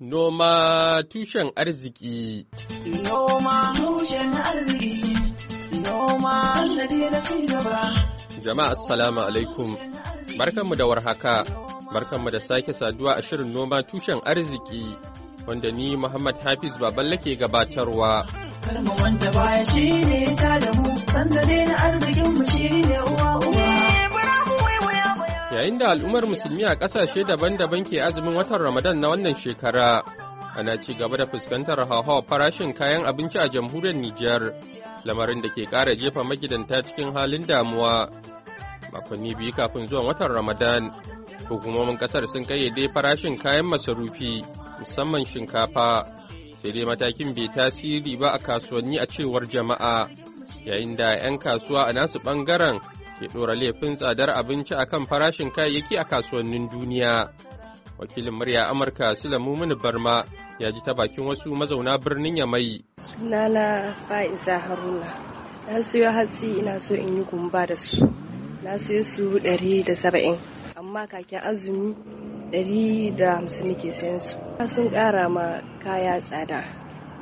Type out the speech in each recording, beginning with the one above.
Noma tushen arziki Noma tushen arziki Noma sannadi na gaba. Jama'a assalamu alaikum Barkanmu da warhaka Barkanmu da sake saduwa a shirin noma tushen arziki wanda ni Muhammad Hafiz Baballe ke gabatarwa. Karma wanda baya shi ne ta da mu, sanda na arzikin mu shi ne uwa uwa. Yayin da al'ummar musulmi a ƙasashe daban-daban ke azumin watan Ramadan na wannan shekara, ana ci gaba da fuskantar hauhawar farashin kayan abinci a jamhuriyar Nijar, lamarin da ke ƙara jefa magidanta cikin halin damuwa. Makonni biyu kafin zuwan watan Ramadan, hukumomin ƙasar sun kayyade farashin kayan masarufi, musamman shinkafa, sai dai matakin bai tasiri ba a kasuwanni a cewar jama'a, yayin da 'yan kasuwa a nasu ɓangaren ke ɗora laifin tsadar abinci akan farashin kayayyaki a kasuwannin duniya. Wakilin murya Amurka Sula Mini Barma ya ji ta bakin wasu mazauna birnin Yamai. Sunana Fa'iza Haruna. Na siyo hatsi ina so in yi gumba da su. Na siyo su ɗari da saba'in. Amma kakin azumi ɗari da hamsin nake sayan su. Sun ƙara ma kaya tsada.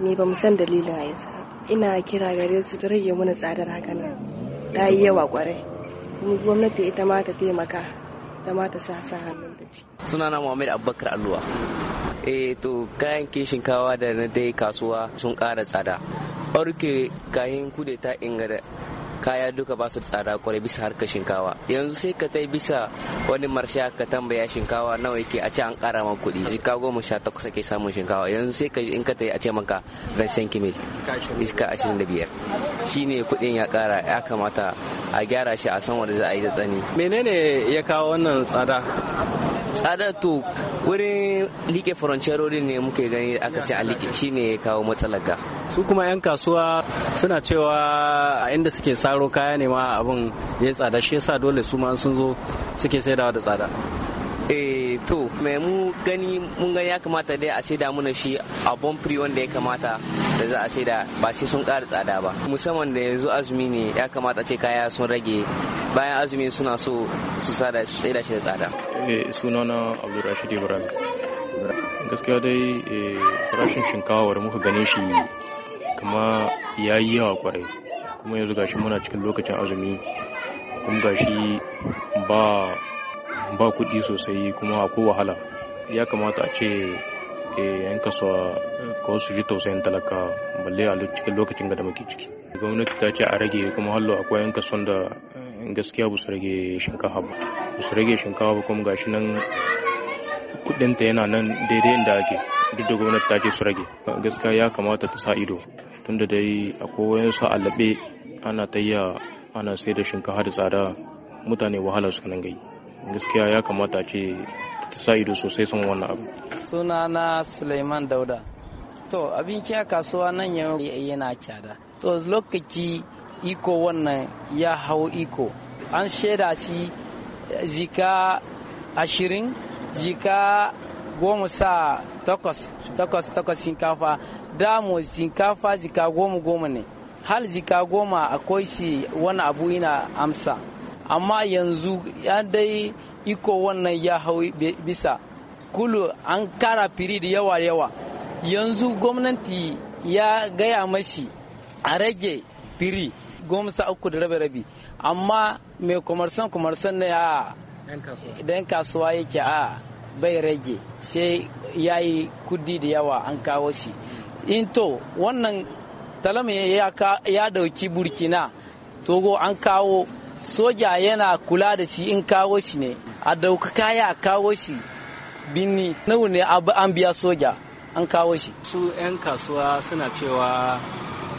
Ni ba mu san dalilin a yasa. Ina kira gare su da rage mana tsadar haka nan. Ta yi yawa ƙwarai. gwamnati ita ma ta taimaka ta ma ta sa sa hannun ta ci na muhammad abubakar alluwa eh to kayan shinkawa da na dai kasuwa sun ƙara tsada Barke kayan kudeta ingada kaya duka ba su tsada kwarai bisa harkar shinkawa yanzu sai ka tai bisa wani marsha ka tambaya shinkawa nawa yake a ce an kara ma kuɗi jika goma sha takwas ake samun shinkawa yanzu sai ka in ka tai a ce maka vincent kimil iska ashirin da biyar shine kuɗin ya kara ya kamata a gyara shi a san wanda za a yi da tsani menene ya kawo wannan tsada tsada to wurin like furancerorin ne muke gani aka ce a like shine ya kawo matsalar ga su kuma 'yan kasuwa suna cewa a inda suke saro kaya ne ma abin ya yi tsada shi yasa dole su ma sun zo suke saidawa da tsada eh to mai mu gani mun gani ya kamata dai a saida mana shi a bon wanda ya kamata da za a saida ba sai sun ƙara tsada ba musamman da yanzu azumi ne ya kamata ce kaya sun rage bayan azumi suna so su saida shi da tsada eh, sunana abdulrashid ibrahim gaskiya dai eh, farashin wadda muka gane shi kuma ya yi yawa kwarai kuma yanzu gashi muna cikin lokacin azumi kuma gashi ba ba kuɗi sosai kuma akwai wahala ya kamata a ce eh, yan kasuwa ko su ji tausayin talaka balle a cikin lokacin da muke ciki gwamnati ta ce a rage kuma hallo akwai yan kasuwan da gaskiya ba su rage shinkafa ba ba su rage shinkafa ba kuma gashi nan ta yana nan daidai inda ake duk da gwamnati ta ke su rage gaskiya ya kamata ta sa ido tunda dai a akwai a alabe ana tayya ana sai da shinkafa da tsada mutane wahala su nan gai gaskiya ya kamata ce ta sa ido sosai sama wannan abu suna na suleiman dauda to abinci a kasuwa nan yana kyada to lokaci iko wannan ya hau iko an shaida shi zika ashirin jika goma sa takwas takwas takwas shinkafa damu shinkafa jika goma goma ne hal jika goma akwai shi wani abu yana amsa amma yanzu ya dai iko wannan ya hau bisa kulu an kara firi da yawa yawa yanzu gwamnati ya gaya mashi a rage firi goma sa uku da rabe rabi amma mai kumarsan kumarsan na ya dan kasuwa yake a bai rage sai ya yi kudi da yawa an kawo shi in to wannan talama ya dauki burkina togo an kawo soja yana kula da shi in kawo shi ne a dauka kaya a kawo shi binni nawa ne an biya soja an kawo shi su 'yan kasuwa suna cewa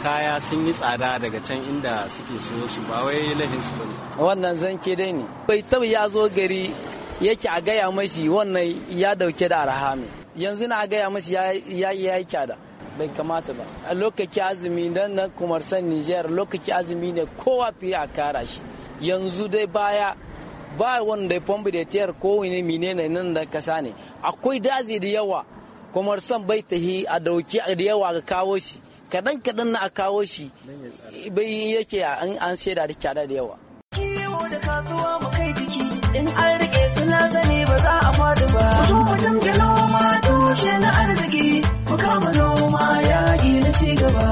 kaya sun yi tsada daga can inda suke siyo su ba wai lahin su ba wannan zanke dai ne bai taba ya zo gari yake a gaya mashi wannan ya dauke da arha ne yanzu na gaya mashi ya yi kyada bai kamata ba a lokaci azumi nan na San niger lokaci azumi ne kowa fiye a kara shi yanzu dai baya ba wanda ya fambu da tiyar kowane mine ne nan da kasa ne akwai dazi da yawa kuma son bai tahi a dauki da yawa ga kawo shi kadan kadan na a kawo shi bai yake an an shaida da kyada da yawa kiwo da kasuwa mu kai jiki in an rike suna zane ba za a faɗi ba mu zo mu dangana ma tushe na arziki mu kama noma yaƙi na ci gaba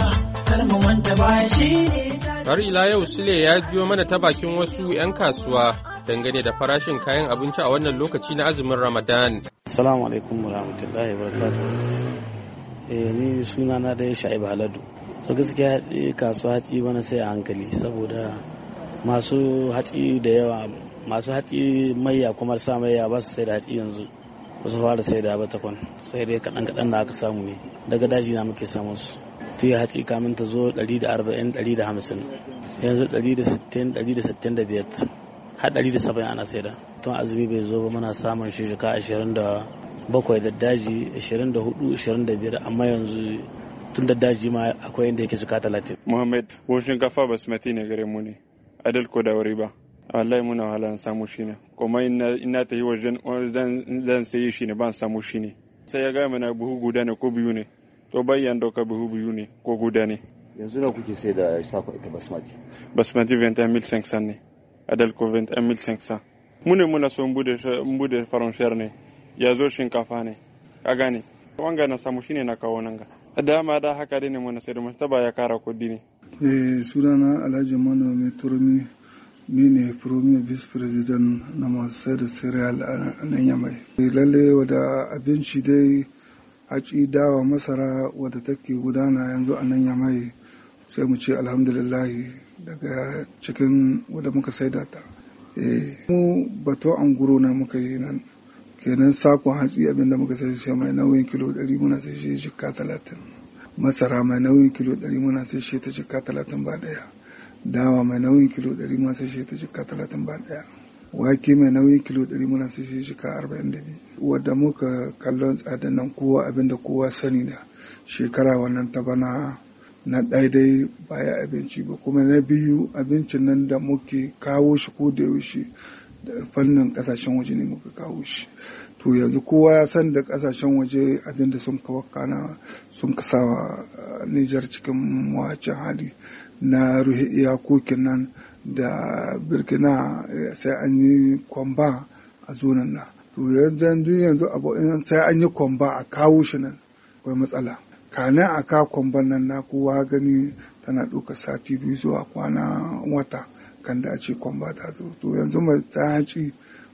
kar mu manta baya shi ne har ila yau sule ya jiyo mana ta bakin wasu 'yan kasuwa dangane da farashin kayan abinci a wannan lokaci na azumin ramadan Assalamu alaikum warahmatullahi wabarakatuh. Eh, ni suna na da Sha'ibu Haladu. So gaskiya kasuwa hatsi bana sai a hankali saboda masu hatsi da yawa masu hatsi maiya kuma sa maiya ba su sai da hatsi yanzu ba su fara sai da ba takwan sai dai kaɗan kaɗan da aka samu ne daga daji na muke samun su tuya hatsi kamin ta zo 140 150 yanzu 160 165 haɗari da ana saida tun azumi bai zo ba muna samun shi jika ashirin da bakwai da daji ashirin da hudu ashirin da biyar amma yanzu tun da daji ma akwai inda yake jika talatin. muhammad ko shinkafa basmati ne gare mu ne adal ko da wuri ba wallahi muna wahala samu shi ne kuma ina ta yi wajen zan sayi shi ne ban samu shi ne sai ya gaya mana buhu guda ne ko biyu ne to bayan doka buhu biyu ne ko guda ne yanzu na kuke sai da isa ita basmati basmati 21500 ne a dalko 21500 mu ne muna so bude faranshiyar ne ya zo shinkafa ne a gane wanga na samu shine na kawo nan ga dama da haka dai ne muna sai da ta ya kara kudi ne eh sunana alhaji manomi turmi ni ne promi vice president na masu sai da cereal a nan yamai eh, lalle wada abinci dai ci dawa masara wadda take gudana yanzu a nan yamai sai mu ce alhamdulillahi daga cikin wadda muka saida ta eh, mu bato an guro na muka yi nan kenan sakon hatsi abinda muka sai shi mai nauyin kilo 100 muna sai shi jikka 30 masara mai nauyin kilo 100 muna sai shi ta jikka 30 ba daya dawa mai nauyin kilo 100 muna sai shi ta jikka 30 ba daya wake mai nauyin kilo 100 muna sai shi jikka 42 wadda muka kallon tsadan nan kowa abinda kowa sani da shekara wannan ta bana na daidai baya abinci ba kuma na biyu abincin nan da muke kawo shi ko da yaushe da fannin ƙasashen waje ne muka kawo shi to yanzu kowa ya san da ƙasashen waje abinda sun na sun kasawa eh, Nijar cikin mawacin hali na ruhe iyakokin nan da birkina eh, sai an yi kwamba a zonan nan to yanzu yanzu abu sai an yi kwamba a kawo shi nan akwai matsala kanin a kakon bannan na kowa gani tana ɗauka sati biyu zuwa kwana wata kan da a ce kwamba ta zo to yanzu mai ta haci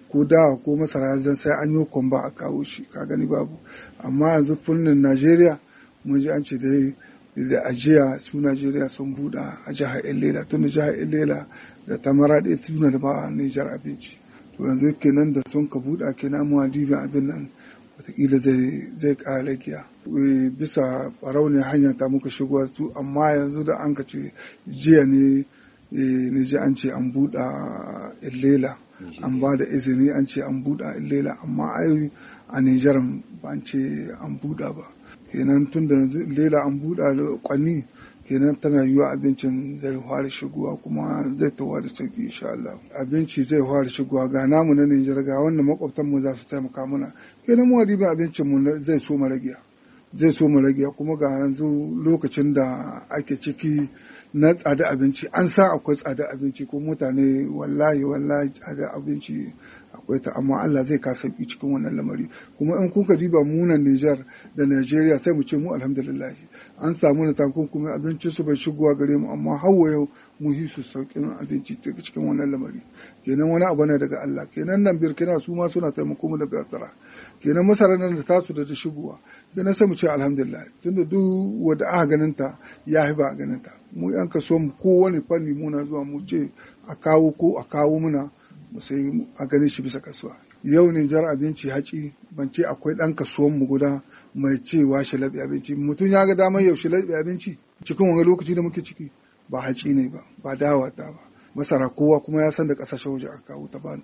ko dawa ko masara zan sai an yi kwamba a kawo shi ka gani babu amma yanzu fannin najeriya mun ji an ce dai da ajiya su Najeriya sun buɗa a jihar Ilela tun da jihar Ilela da ta maraɗe suna da ba a Nijar abinci. To yanzu kenan da sun ka buɗa kenan mu abin nan watakila zai kare giya eh, bisa ɓarauniyar hanyar ta muka shigo su amma yanzu da an ce jiya ne eh, ne ji an ce an buɗa illela an ba da izini an ce an buɗa illela amma ai a nijar ba an ce an buɗa ba kenan tun da illela an buɗa da kwanni kenan tana yiwa abincin zai fara shigowa kuma zai tawa da sauki insha Allah abinci zai fara shigowa ga namu na Nijar ga wannan makwabtan mu za su taimaka mana kenan mu riba abincin mu zai so mu zai so mu kuma ga yanzu lokacin da ake ciki na tsada abinci an sa akwai tsada abinci ko mutane wallahi wallahi tsada abinci akwai ta amma Allah zai ka sauki cikin wannan lamari kuma in kuka diba munan Nijar da Najeriya sai mu ce mu alhamdulillah an samu na kuma abincin su bai shigowa gare mu amma hawa yau mu hi su saukin abinci cikin wannan lamari kenan wani abu ne daga Allah kenan nan Burkina su ma suna taimako mu da basara kenan masarar nan da tasu da ta shigowa kenan sai mu ce alhamdulillah tunda duk wanda aka ganin ta ya ba a ganin ta mu yan so mu kowane fanni muna zuwa mu ce a kawo ko a kawo muna mu sai a ganin shi bisa kasuwa yau ne jar abinci haci ban ce akwai ɗan kasuwan mu guda mai cewa shi laɓe abinci mutum ya ga damar yau shi laɓe abinci cikin wani lokaci da muke ciki ba haci ne ba ba dawa ta ba masara kowa kuma ya san da ƙasashen waje a kawo ta bani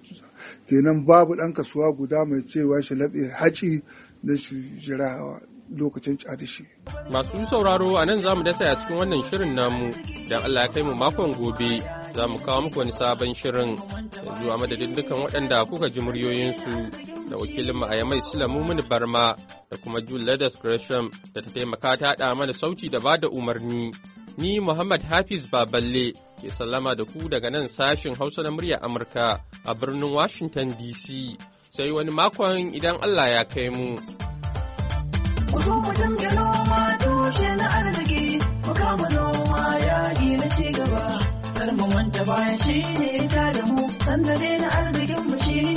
kenan babu ɗan kasuwa guda mai cewa shi laɓe haci da shi jirawa lokacin cadishi. Masu sauraro a nan za mu dasa a cikin wannan shirin namu, don Allah ya kai mu makon gobe za mu kawo muku wani sabon shirin yanzu a madadin dukan waɗanda kuka ji muryoyinsu da wakilinmu a yamai sila mini Barma da kuma Julius Gresham da ta taimaka ta haɗa mana sauti da bada umarni. Ni Muhammad Hafiz Baballe ke sallama da ku daga nan sashin Hausa na murya Amurka a birnin Washington DC. Sai wani makon idan Allah ya kai mu. Kar mu manta baya shi ne ta da sandare na arzikin